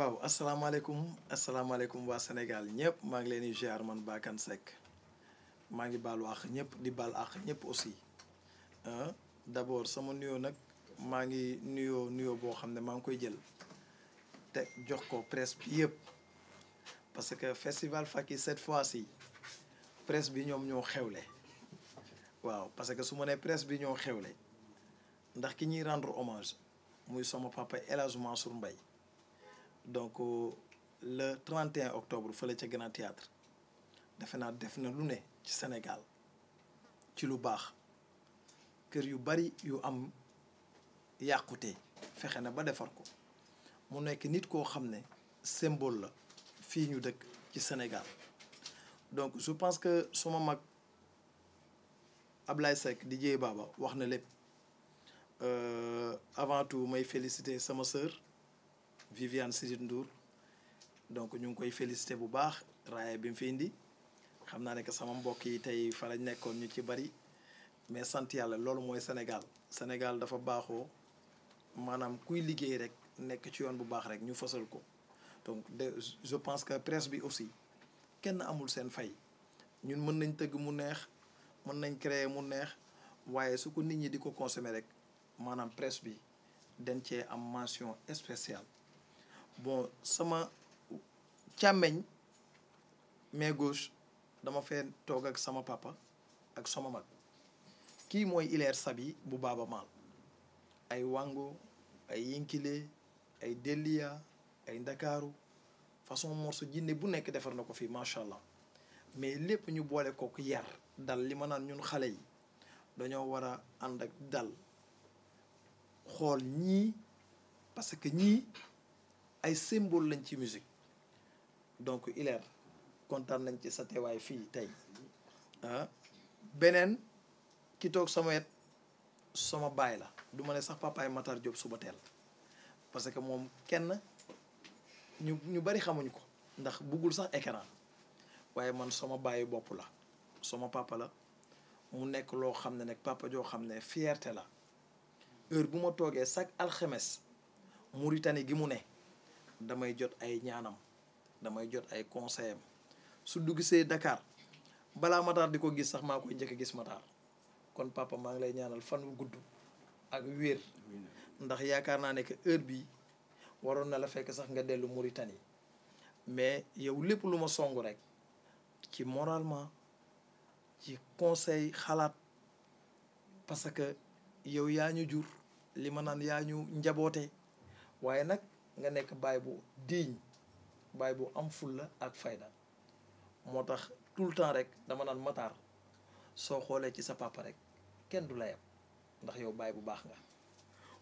waaw asalaamaaleykum asalaamaaleykum waa Sénégal ñëpp maa ngi leen di ziar man baakan Seck maa ngi baalu àq ñëpp di baal àq ñëpp aussi ah, d'abord sama nuyoo nag maa ngi nuyoo nuyoo boo xam ne maa ngi koy jël te jox ko presse bi yëpp parce que festival Fakki cette fois-ci presse bi ñoom ñoo xewle waaw parce que su ma nee presse bi ñoo xewle ndax ki ñuy rendre hommage muy sama papa élagement Hadj mbay donc euh, le 31 octobre fële ca Grand Théâtre defe naa def na lu ne ci Sénégal ci lu baax kër yu bari yu am yàqute fexe na ba defar ko mu nekk nit koo xam ne symbole la fii ñu dëkk ci Sénégal donc je pense que suma mag ab Ablaye sec di Dieye Baba wax na lépp euh, avant tout may féliciter sama sœur Viviane Chidid Ndour donc ñu ngi koy félicité bu baax raaya bi mu fi indi xam naa ne que sama mbokk yi tey fa lañ nekkoon ñu ci bari mais sant yàlla loolu mooy Sénégal Sénégal dafa baaxoo maanaam kuy liggéey rek nekk ci yoon bu baax rek ñu fësal ko donc de je pense que presse bi aussi kenn amul seen fay ñun mën nañ tëgg mu neex mën nañ créer mu neex waaye su ko nit ñi di ko consommer rek maanaam presse bi dañ cee am mention spéciale bon sama càmmeñ main gauche dama fee toog ak sama papa ak sama mag kii mooy Hilaire Saby bu Baaba Maal ay Wango ay Yinkile ay Delia ay Ndakaaru façon morceau jinne bu nekk defar na ko fii macha allah mais lépp ñu boole kook yar dal li ma naan ñun xale yi dañoo war a ànd ak dal xool ñii parce ñii ay symbole lañ ci musique donc Hilaire kontaan nañ ci sa teewaay fii tey ah beneen ki toog sama wet sama baay la duma ma ne sax papaay Matar Diop suba teel parce que moom kenn ñu ñu bari xamuñ ko ndax buggul sax écran waaye man sama baayu bopp la sama papa la mu nekk loo xam ne nag papa joo xam ne fierte la heure bu ma toogee chaque alxames Mauritanie gi mu ne damay jot ay ñaanam damay jot ay conseilam su duggsee dakaar balaa Matar di ko gis sax maa koy njëkk a gis Matar kon papa maa ngi lay ñaanal fan gudd ak wér ndax yaakaar naa ne que heure bi waroon na la fekk sax nga dellu Mauritanie mais yow lépp lu ma songu rek ci moralement ci conseil xalaat parce que yow yaa ñu jur li ma naan yaa ñu njaboote waaye nag nga nekk baay bu diiñ baay bu am fulla ak fayda moo tax tout le temps rek dama naan mataar soo xoolee ci sa papa rek kenn du la yem ndax yow baay bu baax nga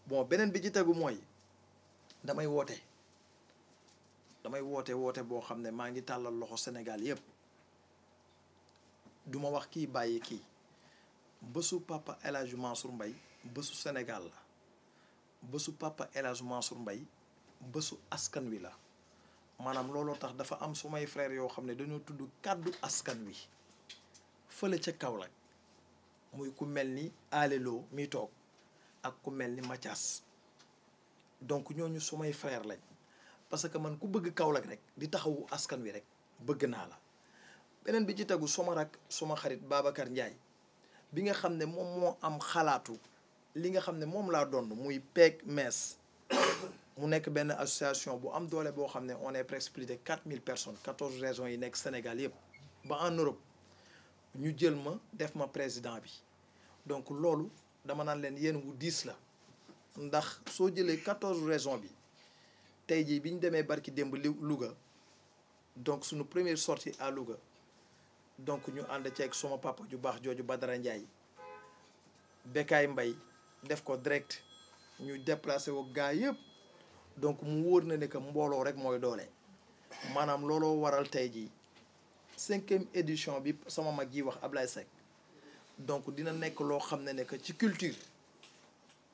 bon beneen bi ci tegu mooy damay woote damay woote woote boo xam ne maa ngi tàllal loxo Sénégal yépp duma wax kii bàyyi kii bésu papa El Hadj Mansour Mbaye bésu Sénégal la bésu papa El Hadj Mansour mbësu askan wi la maanaam looloo tax dafa am sumay frère yoo xam ne dañoo tudd kàddu askan wi fële ca Kaolack muy ku mel ni aleloo mi toog ak ku mel ni Mathias donc ñooñu sumay frère lañ parce que man ku bëgg Kaolack rek di taxawu askan wi rek bëgg naa la beneen bi ci tegu suma rak suma xarit Babacar Ndiaye bi nga xam ne moom moo am xalaatu li nga xam ne moom laa donn muy peeg mees mu nekk benn association bu am doole boo xam ne on est presque plus de 4000 personnes 14 régions yi nekk Sénégal yëpp ba en Europe ñu jël ma def ma président bi donc loolu dama naan leen yéen wu diis la ndax soo jëlee 14 raison bi tey jii bi ñu demee barki démb Louga donc suñu première sortie à Louga donc ñu ànd ceeg sama papa ju baax jooju ba Badara Ndiaye Bekaay mbay def ko direct ñu déplacé woo gaa yëpp donc mu wóor na ne que mbooloo rek mooy doole maanaam looloo waral tey jii cinquième édition bi sama mag yi wax Ablaye Seck donc dina nekk loo xam ne ne que ci culture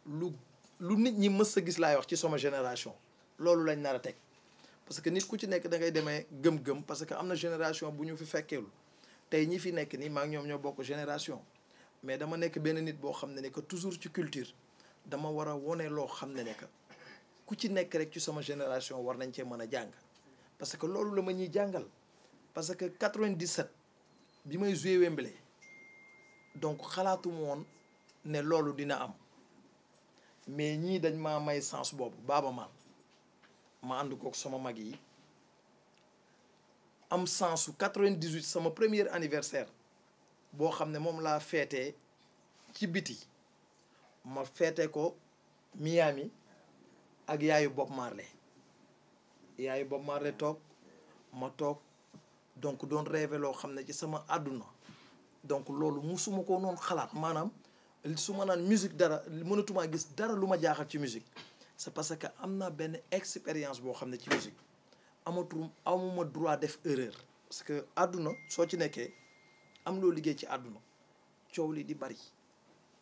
lu lu nit ñi mës a gis laay wax ci sama génération loolu lañ nar a teg parce que nit ku ci nekk da demee gëm-gëm parce que am na génération bu ñu fi fekkeelu tey ñi fi nekk nii maa ñoom ñoo bokk génération mais dama nekk benn nit boo xam ne ne que toujours ci culture dama war a wone loo xam ne ne que ku ci nekk rek ci sama génération war nañ cee mën a jàng parce que loolu la ma ñuy jàngal parce que 97 bi may joué Wembley donc xalaatuma woon ne loolu dina am mais ñii dañ maa may sens boobu baaba maan ma ànd kook sama mag yi am sensu 98 sama premier anniversaire boo xam ne moom laa feetee ci biti ma feete ko Miami ak yaayu Bob Marley yaayu Bob Marley toog ma toog donc doon rêvé loo xam ne ci sama àdduna donc loolu musuma koo noonu xalaat maanaam su ma naan musique dara mënatumaa gis dara lu ma jaaxal ci musique c'est parce que am naa benn expérience boo xam ne ci musique amatul amuma droit def erreur parce que àdduna soo ci nekkee am loo liggéey ci àdduna coow li di bari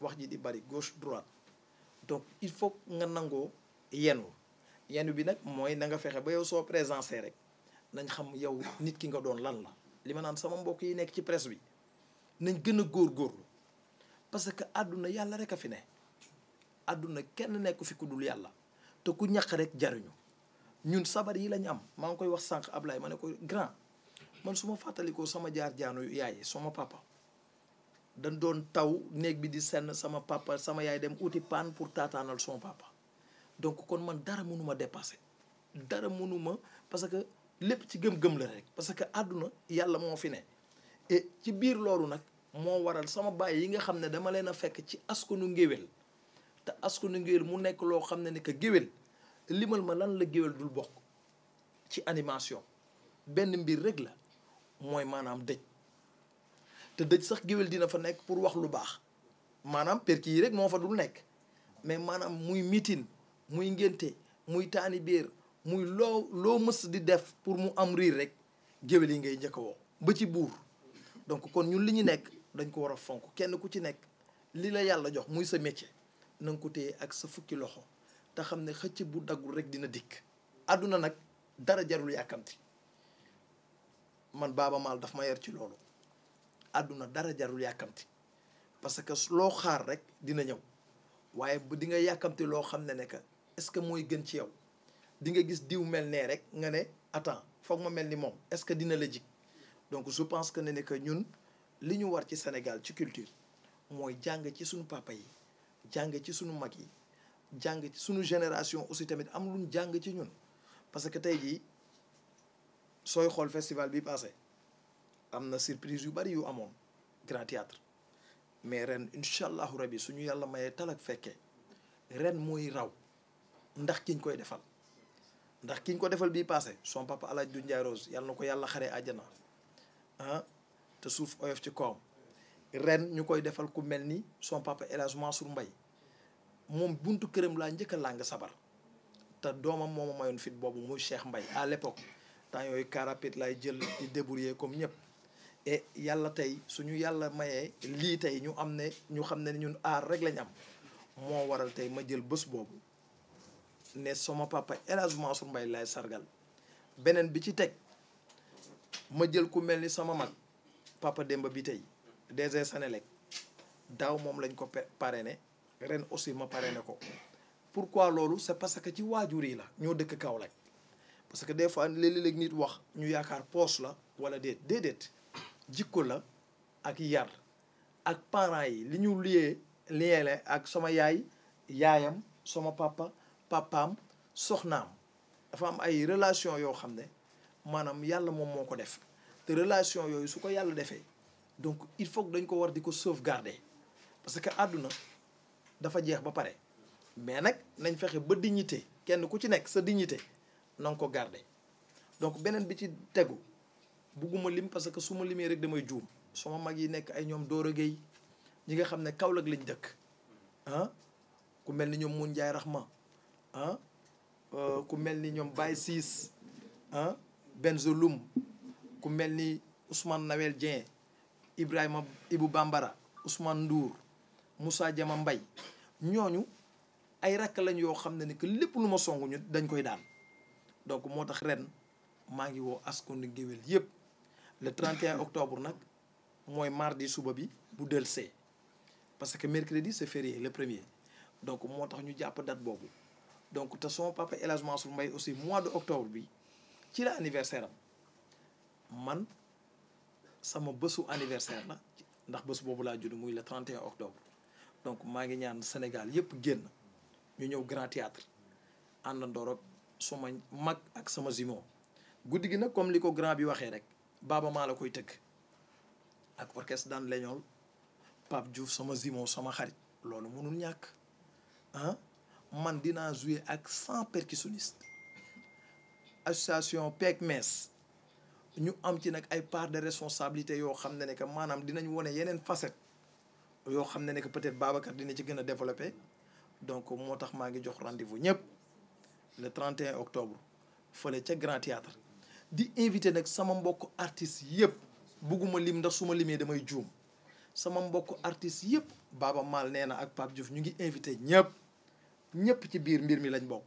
wax ji di bari gauche droite donc il faut nga nangoo yenu yenu bi nag mooy na nga fexe ba yow soo présencé rek nañ xam yow nit ki nga doon lan la li ma naan sama mbokk yi nekk ci presse bi nañ gën a góorgóorlu parce que àdduna yàlla rek a fi ne àdduna kenn nekk fi ku dul yàlla te ku ñaq rek jariñu ñun sabar yi lañ am maa ngi koy wax sànq Ablaye ma ne koy grand man su ma fàttalikoo sama jaar jaanu yaay sama papa dañ doon taw néeg bi di senn sama papa sama yaay dem uti paan pour taataanal son papa donc kon man dara mënu ma dépasser dara mënu ma parce que lépp ci gëm-gëm la rek parce que àdduna yàlla moo fi ne et ci biir loolu nag moo waral sama baay yi nga xam ne dama leen a fekk ci askanu ngéwél te askanu ngéwél mu nekk loo xam ne ni que géwél limal ma lan la géwél dul bokk ci animation benn mbir rek la mooy maanaam dëj te dëj sax géwél dina fa nekk pour wax lu baax maanaam perki yi rek moo fa dul nekk mais maanaam muy mitin muy ngénte muy taani biir muy loo loo mës di def pour mu am riir rek géwél yi ngay njëkk a woo ba ci buur donc kon ñun li ñu nekk dañ ko war a fonk kenn ku ci nekk li la yàlla jox muy sa métier nanga ko téye ak sa fukki loxo te xam ne xëcc bu daggul rek dina dikk àdduna nag dara jarul yàkkamti man Baaba Maal daf ma yar ci loolu àdduna dara jarul yàkkamti parce que loo xaar rek dina ñëw waaye bu di nga yàkkamti loo xam ne ne est-ce que mooy gën ci yow di nga gis diw mel nee rek nga ne attends foog ma mel ni moom est-ce que dina la jig donc je pense que ne ne que ñun li ñu war ci Sénégal ci culture mooy jàng ci suñu papa yi jàng ci sunu mag yi jàng ci sunu génération aussi tamit am luñ jàng ci ñun parce que tey jii sooy xool festival bi passé am na surprise yu bari yu amoon grand théâtre mais ren incha allahu rabi suñu yàlla mayee ak fekkee ren mooy raw ndax kiñ koy defal ndax kiñ ko defal bii passé son papa alaaj du Ndiaye Rose yàlla na ko yàlla xare àjjana ah te suuf oyof ci kawam ren ñu koy defal ku mel ni son papa El Hadj mbay moom buntu këram laa njëkk làng sabar te doomam moom ma mayoon fit boobu muy Cheikh Mbaye à l'époque temps yooyu kaarapit laay jël di débrouiller comme ñëpp et yàlla tey suñu yàlla mayee lii tey ñu am ne ñu xam ne ñun aar rek lañ am moo waral tey ma jël bés boobu ne sama papa El Hadj Mansour Mbaye sargal beneen bi ci teg ma jël ku mel ni sama mag papa Demba bi tey DG Senelec daaw moom lañ ko ne ren aussi ma pare ne ko pour quoi loolu c'est parce que ci waajur yi la ñoo dëkk Kaolack parce que des fois léeg-léeg nit wax ñu yaakaar poos la wala déet déedéet jikko la ak yar ak parents yi li ñu liyee liyee la ak sama yaay yaayam sama papa papaam soxnaam dafa am ay relation yoo xam ne maanaam yàlla moom moo ko def te relation yooyu su ko yàlla defee donc il faut dañ ko war di ko sauvegarder parce que àdduna dafa jeex ba pare mais nag nañ fexe ba dignité kenn ku ci nekk sa dignité na nga ko garder donc beneen bi ci tegu bugguma lim parce que su ma limee rek damay juum suma mag yi nekk ay ñoom a géey ñi nga xam ne Kaolack lañ dëkk ah ku mel ni ñoom mun Njaay Rahma ah euh, ku mel ni ñoom Baye Ciss ah Benzoloum ku mel ni Ousmane Nawel Dieng Ibrahima Ibou Bambara Ousmane Ndour Moussa Diama Mbaye ñooñu ay rakk lañ yoo xam ne ni que lépp lu ma song ñu dañ koy daal donc moo tax ren maa ngi woo askanu géwél yëpp le 31 octobre nag mooy mardi suba bi bu dellusee parce que mercredi c'est férié le premier donc moo tax ñu jàpp date boobu donc te suma papa élagement su may aussi mois de octobre bi ci la anniversaire man sama bésu anniversaire la ndax bés boobu laa judd muy le 31 octobre donc maa ngi ñaan Sénégal yëpp génn ñu ñëw Grand Théâtre àndandoor ak suma mag ak sama jumeau guddi gi nag comme li ko grand bi waxee rek Baba maa la koy tëgg ak orchestre daan leñool Pape Diouf sama jumeau sama xarit loolu mënul ñàkk ah. man dinaa jouer ak cent percussionniste association PECMES ñu am ci nag ay part de responsabilité yoo xam ne ne que maanaam dinañu wane yeneen facette yoo xam ne ne que peut-être Babacar dina ci gën a développé donc moo tax maa ngi jox rendez-vous ñëpp le 31 octobre fële ca Grand Théâtre di invité nag sama mbokk artistes yëpp bugguma lim ndax suma ma limee damay juum sama mbokk artistes yëpp baaba Maal nee na ak Pape Diouf ñu ngi invité ñëpp ñëpp ci biir mbir mi lañ bokk